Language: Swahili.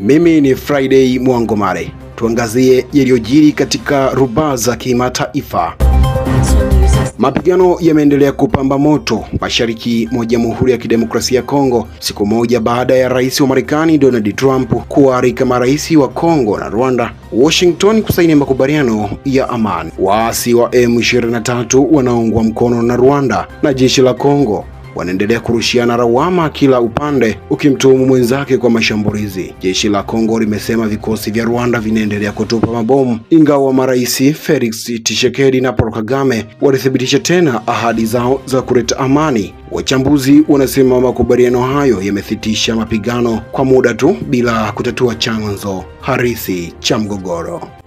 Mimi ni Friday Mwangomare, tuangazie yaliyojiri katika rubaa za kimataifa. Mapigano yameendelea kupamba moto mashariki mwa Jamhuri ya Kidemokrasia ya Kongo siku moja baada ya rais wa Marekani Donald Trump kuwaalika marais wa Kongo na Rwanda Washington kusaini makubaliano ya amani. Waasi wa M23 wanaungwa mkono na Rwanda na jeshi la Kongo wanaendelea kurushiana rawama kila upande ukimtuhumu mwenzake kwa mashambulizi. Jeshi la Kongo limesema vikosi vya Rwanda vinaendelea kutupa mabomu, ingawa marais Felix Tshisekedi na Paul Kagame walithibitisha tena ahadi zao za kuleta amani. Wachambuzi wanasema makubaliano hayo yamethitisha mapigano kwa muda tu bila kutatua chanzo harisi cha mgogoro.